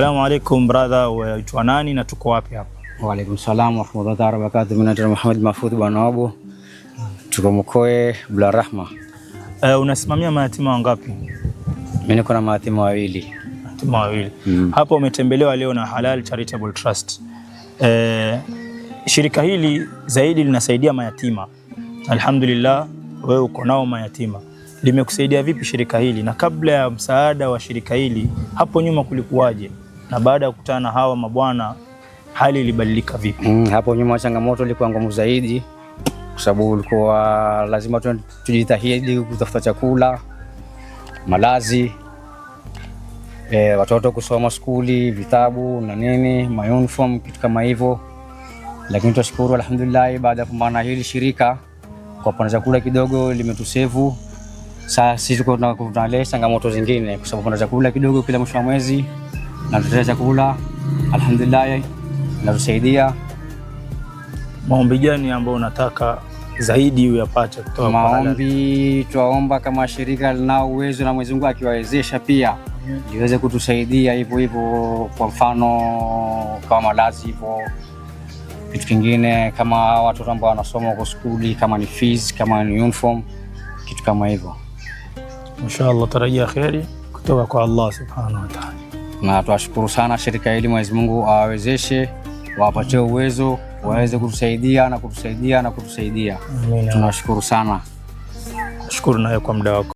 Assalamu alaikum brother, waitwa nani na tuko wapi hapa? Wa alaikum salam wa rahmatullahi wa barakatuh. Mimi naitwa Muhammad Mahfudh bwana wabu. Tuko mkoe Bla Rahma. Uh, unasimamia mayatima wangapi? Mimi niko na mayatima wawili. Mayatima wawili. Mm. Hapa umetembelewa leo na Halal Charitable Trust. Uh, shirika hili zaidi linasaidia mayatima. Alhamdulillah, wewe uko nao mayatima. Limekusaidia vipi shirika hili? Na kabla ya msaada wa shirika hili, hapo nyuma kulikuwaje? na baada ya kukutana na hawa mabwana hali ilibadilika vipi? Mm, hapo nyuma changamoto ilikuwa ngumu zaidi, kwa sababu ulikuwa lazima tujitahidi kutafuta chakula, malazi, e, watoto kusoma skuli, vitabu na nini, my uniform, kitu kama hivyo. Lakini tunashukuru alhamdulillah, baada ya kupambana na hili shirika kwa pana chakula kidogo limetusevu. Sasa sisi tuko tunaleta changamoto zingine, kwa sababu kuna chakula kidogo kila mwisho wa mwezi natuletea chakula alhamdulillah, natusaidia. Maombi gani ambayo unataka zaidi uyapate kutoka kwa maombi? Twaomba kama shirika linao uwezo na Mwenyezi Mungu akiwawezesha pia liweze kutusaidia hivyo hivyo, kwa mfano kama malazi hivyo, kitu kingine kama watoto ambao wanasoma kwa skuli, kama ni fees, kama ni uniform, kitu kama hivyo. Inshallah tarajia kheri kutoka kwa Allah subhanahu wa ta'ala na twashukuru sana shirika hili, Mwenyezi Mungu awawezeshe, wawapatie uwezo waweze kutusaidia na kutusaidia na kutusaidia. Amina. Tunashukuru sana. Shukuru nayo kwa muda wako.